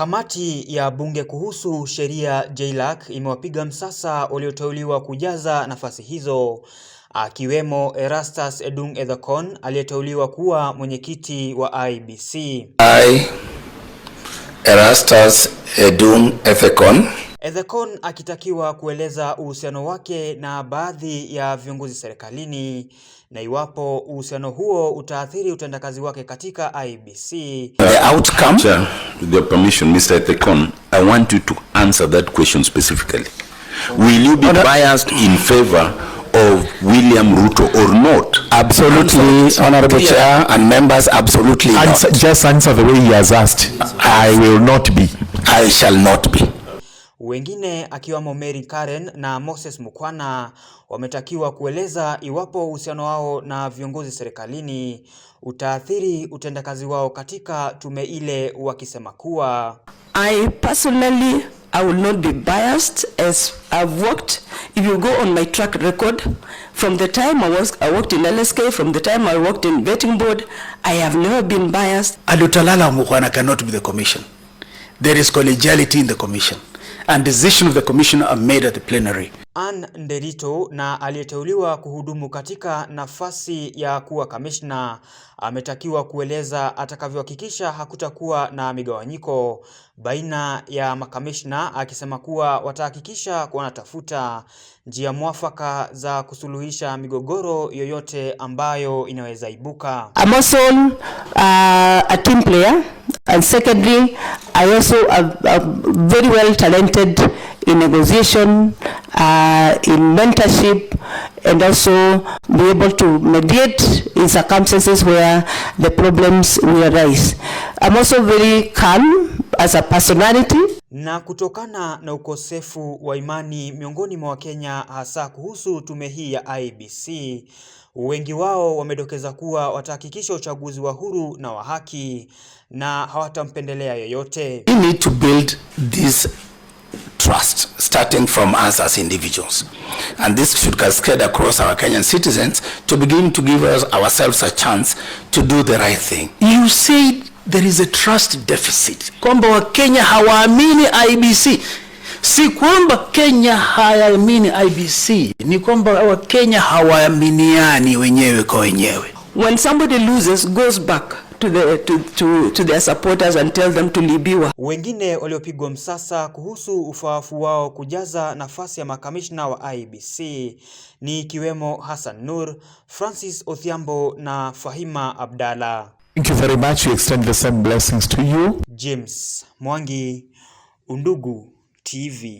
Kamati ya bunge kuhusu sheria JLAC imewapiga msasa walioteuliwa kujaza nafasi hizo akiwemo Erastus Edung Ethekon aliyeteuliwa kuwa mwenyekiti wa IEBC. I, Erastus Edung Ethekon Ethekon akitakiwa kueleza uhusiano wake na baadhi ya viongozi serikalini na iwapo uhusiano huo utaathiri utendakazi wake katika IEBC. The outcome with your permission, Mr. Ethekon, I want you to answer that question specifically. Will you be Honor biased in favor of William Ruto or not? Absolutely, answer. Honorable yeah. Chair and members, absolutely Answer, not. Just answer the way he has asked. I will not be. I shall not be wengine akiwamo Mary Karen na Moses Mukwana wametakiwa kueleza iwapo uhusiano wao na viongozi serikalini utaathiri utendakazi wao katika tume ile, wakisema kuwa I personally I will not be biased as I've worked if you go on my track record from the time I was I worked in LSK from the time I worked in betting board I have never been biased Adutalala Mukwana cannot be the commission there is collegiality in the commission and decision of the commission are made at the plenary. Ann Nderito na aliyeteuliwa kuhudumu katika nafasi ya kuwa kamishna ametakiwa kueleza atakavyohakikisha hakutakuwa na migawanyiko baina ya makamishna, akisema kuwa watahakikisha wanatafuta njia mwafaka za kusuluhisha migogoro yoyote ambayo inaweza ibuka. I'm also, uh, a team player. And secondly, I also am, very well talented in negotiation, uh, in mentorship, and also be able to mediate in circumstances where the problems will arise. I'm also very calm as a personality na kutokana na ukosefu wa imani miongoni mwa Wakenya hasa kuhusu tume hii ya IEBC, wengi wao wamedokeza kuwa watahakikisha uchaguzi wa huru na wa haki na hawatampendelea yoyote. We need to build this trust starting from us as individuals and this should cascade across our Kenyan citizens to begin to give us ourselves a chance to do the right thing. You said there is a trust deficit, kwamba Wakenya hawaamini IBC. Si kwamba Kenya hayaamini IBC, ni kwamba Wakenya hawaaminiani wenyewe kwa wenyewe. When somebody loses goes back to the, to, to, to their supporters and tell them to libiwa. Wengine waliopigwa msasa kuhusu ufaafu wao kujaza nafasi ya makamishna wa ibc ni ikiwemo Hassan Nur, Francis othiambo na Fahima Abdalla. Thank you very much. We extend the same blessings to you. James Mwangi, Undugu TV.